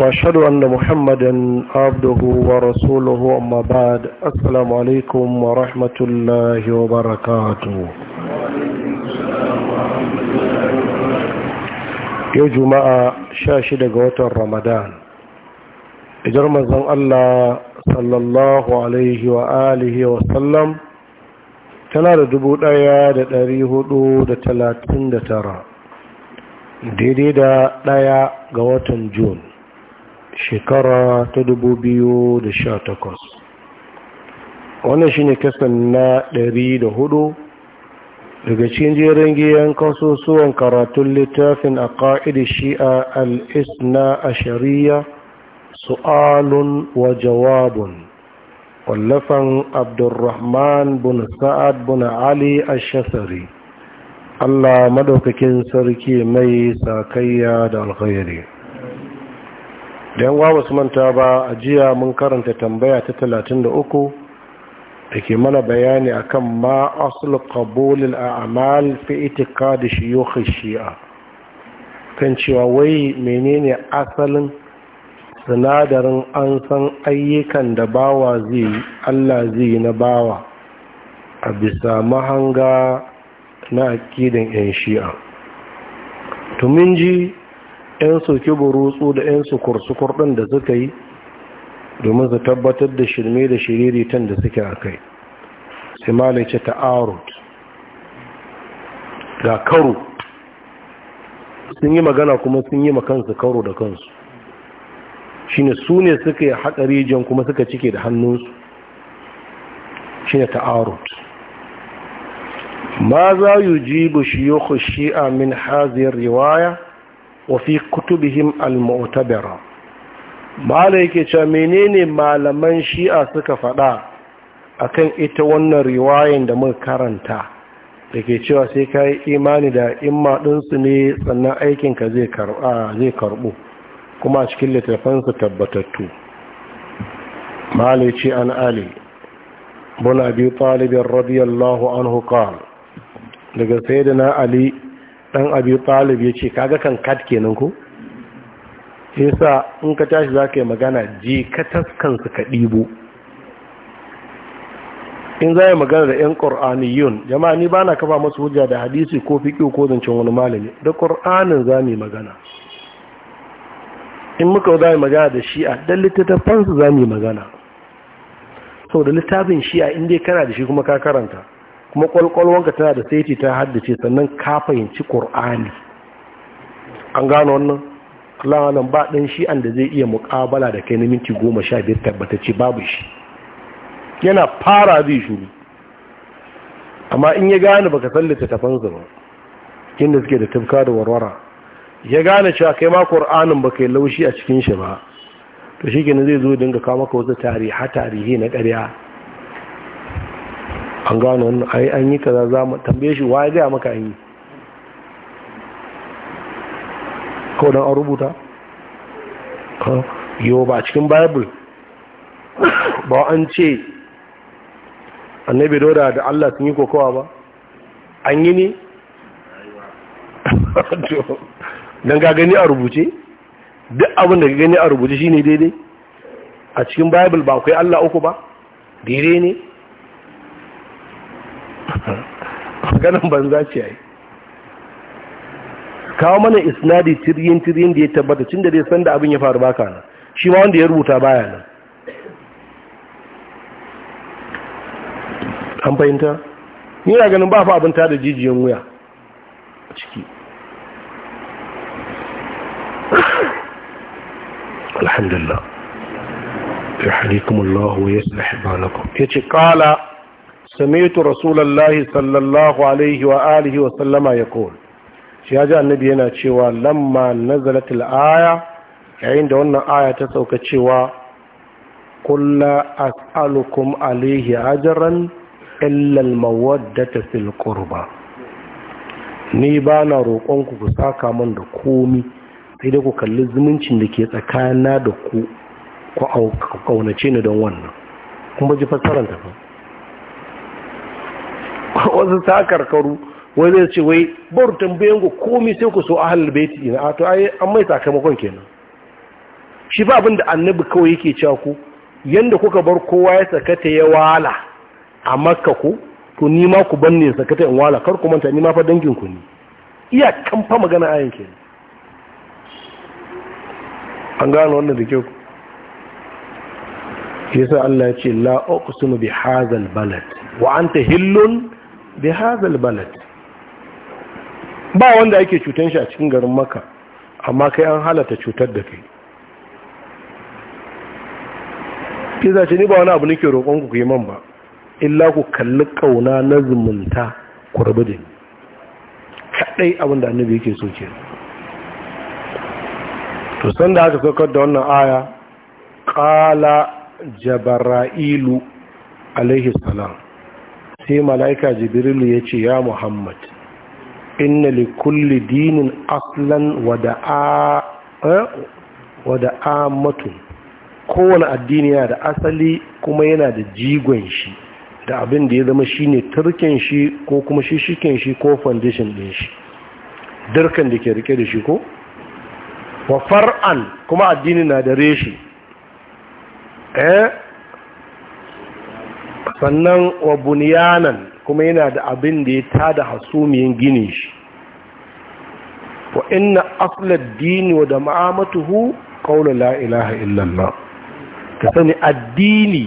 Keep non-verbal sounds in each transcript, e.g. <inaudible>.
واشهد ان محمدا عبده ورسوله اما بعد السلام عليكم ورحمه الله وبركاته yau juma'a sha shida ga watan ramadan ijar mazan allah sallallahu tana da dubu ɗaya da dari hudu da talatin da tara daidai da ɗaya ga watan Jun. shekara ta dubu biyu da sha takwas. wannan shine kasan na ɗari da hudu daga cikin jerin giyan kasusuwan karatun littafin a ƙa'idar shi'a al'isna a shari'a su'alun wa jawabun wallafan abdurrahman bin sa'ad bin ali shasari. allah madaukakin sarki mai sakayya da alkhairi da yan su manta ba a jiya mun karanta tambaya ta 33 da ke mana bayani akan ma asul a a'mal fi da shuyukh shi'a kan cewa wai menene asalin sinadarin an san ayyukan da bawa zai Allah zai yi na bawa a bisa mahanga na akidan yan shi'a tumin ji 'yan soke burutsu da 'yan su sukur ɗin da suka yi domin su tabbatar da shirme da shiriritan da suke a kai sai malice ta arut ga karo sun yi magana kuma sun yi makansu karo da kansu ne su ne suka yi haƙa rijiyar kuma suka cike da hannunsu ne ta arut ma za yi ji bu shiyo a min haziyar riwaya wa fi kutubihim al-mu'tabara mala yake cewa menene malaman shi'a suka faɗa akan ita wannan riwayan da muka karanta da ke cewa sai ka yi imani da imma ɗinsu ne sannan aikinka zai karɓu kuma a cikin littafansu tabbatattu malici an ali buna biyu talibin radiyallahu anhu qala daga na, ali dan abi talib ya ce kaga kan kat kenan ko yasa in ka tashi za ka yi magana ji ka taskansu ka ɗibo in za yi magana da 'yan ƙor'aniyun jama'a ni ba na kafa masu hujja da hadisi ko fiƙi ko zancen wani malami da ƙor'anin za mu yi magana in muka za yi magana da shi'a don littattafansu za mu yi magana sau da littafin shi'a inda kana da shi kuma ka karanta kuma kwalkwalwanka tana da saiti ta haddace sannan ka fahimci ƙur'ani an gano wannan Allah nan ba ɗan shi'an da zai iya muƙabala da kai na minti goma sha biyar tabbatacce babu shi yana fara zai shuru amma in ya gane baka san littattafansa ba inda suke da tafka da warwara ya gane cewa kai ma ƙur'anin baka yi laushi a cikin shi ba to shi zai zo dinga kawo maka wasu tarihi na ƙarya an gano wannan an yi kaza za mu tambaye shi wa ya gaya maka an yi kawai don an rubuta yau ba cikin bible ba an ce annabi dauda da allah sun yi kokowa ba an yi ne <laughs> don ga gani a rubuce duk abin da gani a rubuce shine daidai a cikin bible ba akwai allah uku ba daidai ne <laughs> maganan banza ce yi kawo mana isnadi tiryin tiryin da ya tabbata cin da dai san da abin ya faru baka nan shi ma wanda ya rubuta baya nan an fahimta ni na ganin ba fa abin ta da jijiyan wuya a ciki <coughs> alhamdulillah ya halikumullahu ya ce kala سمعت رسول الله صلى الله عليه وآله وسلم يقول شهاجة النبي هنا تشوى لما نزلت الآية عند أن آية تسوك تشوى قل لا أسألكم عليه أجرا إلا المودة في القربة نيبانا ba na من ku saka min da يتكانا sai dai ku kalli zumuncin da ke tsakana da ku ni don wannan kuma ji fassarar ta <laughs> wasu sakarkaru wai zai ce wai bar tambayen ku komai sai ku so halar baiti ina to ai an mai sakamakon kenan shi ba abin annabi kawai yake cewa ku yanda kuka bar kowa ya sakata ya wala a makka ku to ni ma ku banne sakata in wala kar ku manta ni ma fa dangin ku ne iya kamfa magana ayin kenan an gano wannan da kyau yasa Allah ya ce la uqsimu bi hadzal balad wa anta hillun bi hazal balad ba wanda ake cutan shi a cikin garin maka amma kai an halata cutar da kai ki ce ni ba wani abu nake roƙon ku yi man ba illa ku kalli ƙauna na zumunta ku rabu da ni kadai abin da annabi yake so ke to san da aka saukar da wannan aya qala jabara'ilu alaihi salam sai malaika jibrilu ya ce ya muhammad inna li kulli dinin aslan wada eh, a matu kowane addini yana da asali kuma yana da jigon shi da abin da ya zama shine turken shi ko kuma shishiken shi ko foundation din shi dirkan da ke rike da shi ko wa far'an kuma addini na da reshi eh sannan wa buniyanan kuma yana da abin da ya tada hasumiyin gini shi wa inna aslad dini wa da ma'amatuhu qawla la ilaha illallah ka sani addini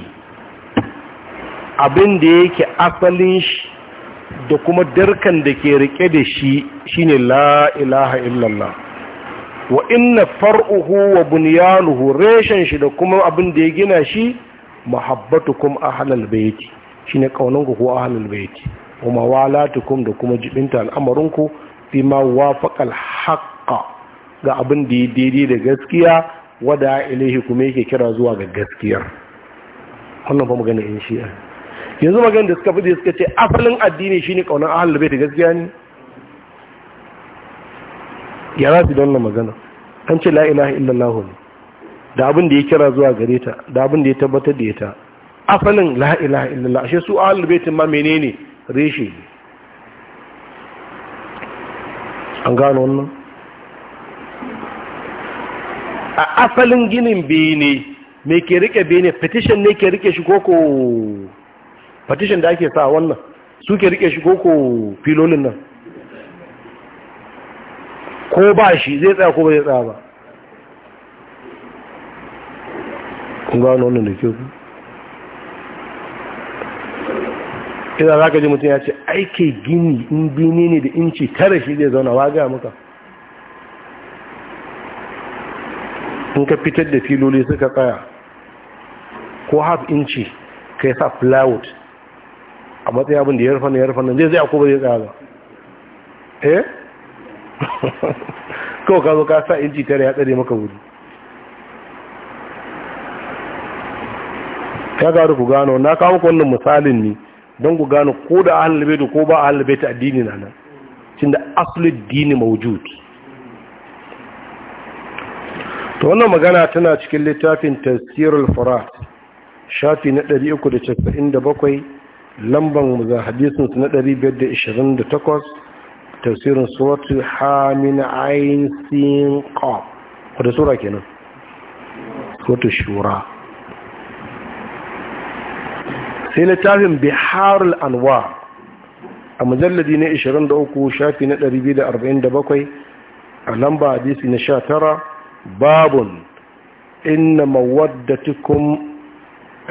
abin da yake asalin shi da kuma darkan da ke rike da shi shine la ilaha illallah wa inna far'uhu wa buniyanuhu reshen shi da kuma abin da ya gina shi mahabbatukum ahlal bayti shine ku ko ahlal bayti wa mawalatukum da kuma jibinta al'amarinku fi ma wafaqal haqqa ga abin da daidai da gaskiya wada ilahi kuma yake kira zuwa ga gaskiyar wannan fa magana in shi'a yanzu magana da suka fi suka ce asalin addini shine kaunan ahlal bayti gaskiya ne ya rabi don magana an ce la ilaha illallah ne da abin da ya kira zuwa gare ta da abin da ya tabbatar da ita ta la ilaha illallah ashe su ahlul baitin ma menene reshe an gano wannan a asalin ginin bene me ke rike bene petition ne ke rike shi koko petition da ake sa wannan su ke rike shi koko filolin nan ko ba shi zai tsaya ko ba zai tsaya ba gano wannan da kyau idan za ka ji mutum ya ce aike gini in bini ne da inci tara shi zai zauna waga maka in ka fitar da filoli suka tsaya ko half inci ka yi sa plywood a matsayin abin da ya rufa ya rufa zai zai akwai zai tsaya ba eh <laughs> kawai ka zo ka sa inci tara ya tsare maka wuri ya gano ku gano na kawo ku wannan misalin ne don ku gano ko da ahlul bait ko ba ahlul bait addini na nan tunda aslul dini mawjud to wannan magana tana cikin littafin tafsirul furat shafi na 397 lamban hadisin na 528 tafsirin suratu hamin ayin sin qaf wata sura kenan suratu shura sai littafin bihar al’anwa a mazalladi na 23 shafi na 247 a lamba hadisi na 19 babun inna mawaddatukum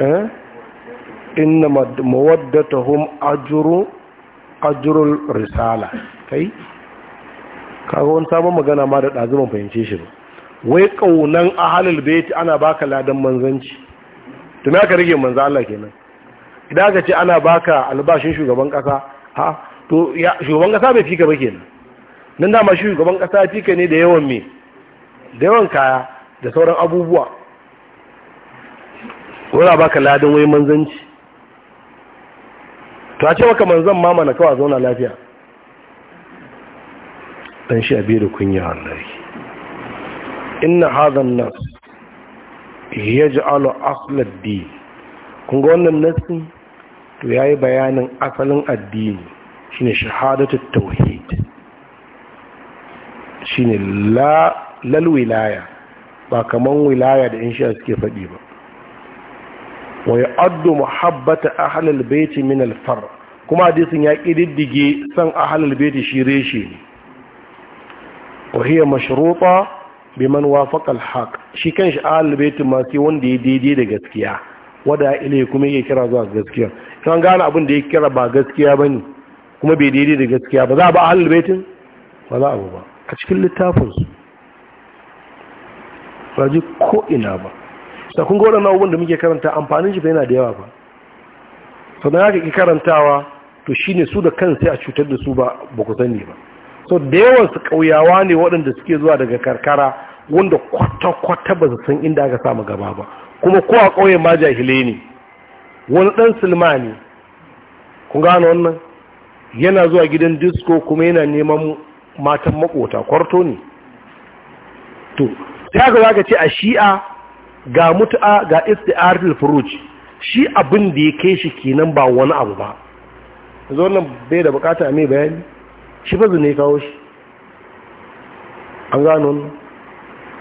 eh inna mawaddatuhum ajru risala kai wani sabon magana ma da ɗazuman fahimce shi ba wai ƙaunan ahalul baiti ana baka ladan manzanci tuna ka rage manzan Allah kenan idan aka ce ana baka albashin shugaban kasa ha to ya shugaban kasa bai fika ba kenan nan dama shugaban kasa fika ne da yawan me da yawan kaya da sauran abubuwa ko za baka ladan wai manzanci to a ce maka manzan mama na kawai zauna lafiya dan shi abi da kunya wallahi inna hadha an-nas yaj'alu aqla ad-din kun ga wannan nasin to ya yi bayanin asalin addini shine shahadatu tauhid shine shi ne lalwilaya ba kamar wilaya da in sha suke faɗi ba wa ya'addu muhabbata halal beti min alfar kuma hadisin ya son san halal beti shi reshe ne wa hiyar mashrupa bi manuwa faƙal haƙ. shi kan ahlul bait ma sai wanda ya daidai da gaskiya wada ilai kuma yake kira zuwa gaskiya kan gane abin da yake kira ba gaskiya bane kuma bai daidai da gaskiya ba za ba ahlul baitin ba za a ba a cikin littafin su ba ji ko ina ba sai kun ga wannan abubuwan da muke karanta amfanin shi ba yana da yawa ba sannan haka ki karantawa to shine su da kansu a cutar da su ba ba ku sani ba so da yawan su kauyawa ne waɗanda suke zuwa daga karkara wanda kwata-kwata ba su san inda aka samu gaba ba kuma ko a ma jahilai ne wani ɗan silma ne kun gano wannan yana zuwa gidan disco kuma yana neman matan makota kwarto ne to sai aka za ka ce a shi'a ga mutu'a ga istiaril furuci shi abin da ya kai shi kenan ba wani abu ba yanzu wannan bai da bukata a mai bayani shi fa zune kawo shi an gano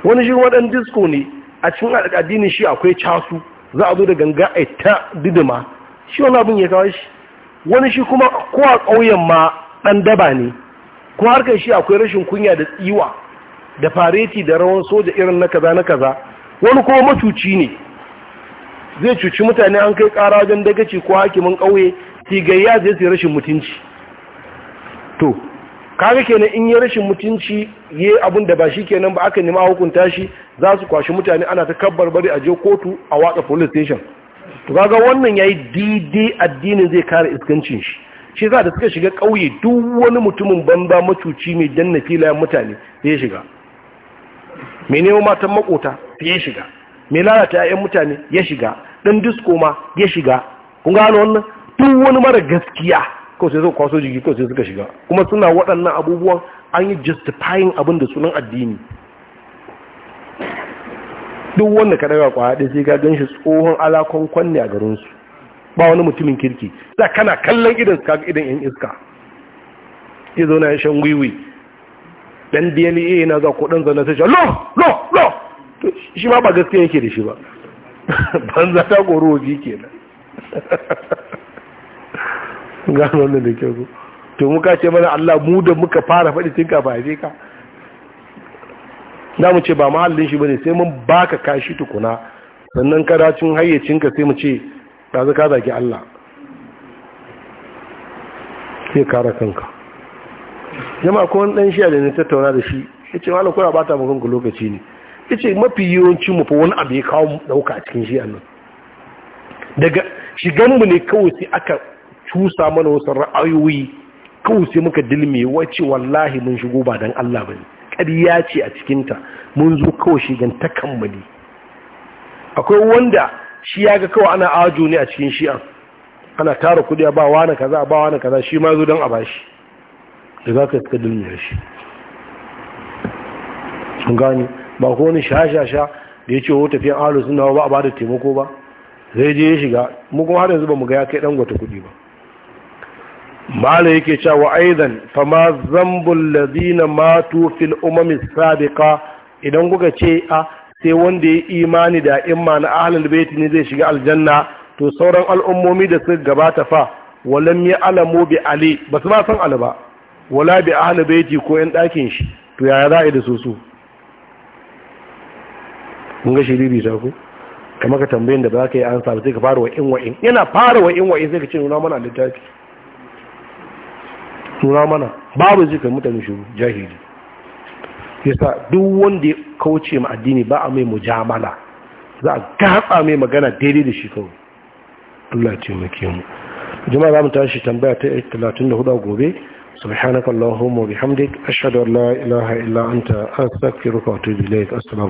wani shi waɗan disco ne a cikin addinin shi akwai casu za a zo da ganga a ta didima shi wani abin ya kawo shi wani shi kuma ko a ƙauyen ma ɗan daba ne ko harkar shi akwai rashin kunya da tsiwa da fareti da rawan soja irin na kaza na kaza wani kuma macuci ne zai cuci mutane an kai ƙara wajen dagaci ko hakimin ƙauye tigayya zai rashin mutunci to kaga kenan in ya rashin mutunci yi abin da ba shi kenan ba aka nima hukunta shi za su kwashi mutane ana ta kabbar bari a je kotu a watsa police station to kaga wannan yayi daidai addinin zai kare iskancin shi shi za da suka shiga kauye duk wani mutumin banza macuci mai danna filayen mutane ya shiga mai neman matan makota ya shiga mai lalata 'ya'yan mutane ya shiga ɗan disko ma ya shiga kun gano wannan duk wani mara gaskiya kawai sai kwaso jiki kawai sai suka shiga kuma suna waɗannan abubuwan an yi justifying abin da sunan addini duk wanda ka daga kwaya ɗaya sai ka gan shi tsohon alakon kwanne a garinsu ba wani mutumin kirki za kana kallon idan ka idan yan iska ya zo na shan wiwi dan dna na za ku dan zana sai lo lo lo shi ma ba gaskiya yake da shi ba <laughs> banza ta goro ji kenan <laughs> gano wannan da kyau to muka ce mana Allah mu da muka fara faɗi tun kafa haife ka da mu ce ba mahallin shi bane sai mun baka kashi tukuna sannan karacin hayyacinka sai mu ce ɗazu ka zaki Allah sai kara kanka jama'a ko wani ɗan shiya da na tattauna da shi ya ce ba kuna bata mukanku lokaci ne ya ce mafi yawancin mu fa wani abu ya kawo dauka a cikin shi nan daga shiganmu ne kawai sai aka cusa mana wasu ra'ayoyi kawai sai muka dilme wacce wallahi mun shigo ba don Allah ba ne ƙarya ce a cikinta mun zo kawai shigan ta kammali akwai wanda shi ya ga kawai ana ajo ne a cikin shi'a ana tara kudi a bawa na kaza a bawa na kaza shi ma zo don a bashi da za ka suka dilmiyar shi sun gani ba ko wani sha-sha-sha da ya ce wa tafiyan alu suna ba a ba da taimako ba zai je ya shiga mu kuma har yanzu ba mu ga ya kai dan gwata kudi ba mala yake cewa aidan fama zambul ladina matu fil umami sabiqa idan kuka ce a sai wanda ya imani da imma na ahlul bait ne zai shiga aljanna to sauran al'ummomi da suka gabata fa walam ya alamu bi ali ba su ba san ali ba wala bi ahlul bait ko yan dakin shi to yaya za a yi da su su mun ga shiriri ta ku kamar ka tambayin da ba ka yi ansa sai ka fara wa wa wa'in yana fara wa'in wa'in sai ka ce nuna mana littafi suna mana babu zikar mutane shuru jahili yasa duk wanda ya kauce ma addini ba a mai mujamala za a gatsa mai magana daidai da shi kawai Allah ya taimake mu jama'a za mu tashi tambaya ta 34 gobe subhanakallahumma wa bihamdik ashhadu an la ilaha illa anta astaghfiruka wa atubu ilaik assalamu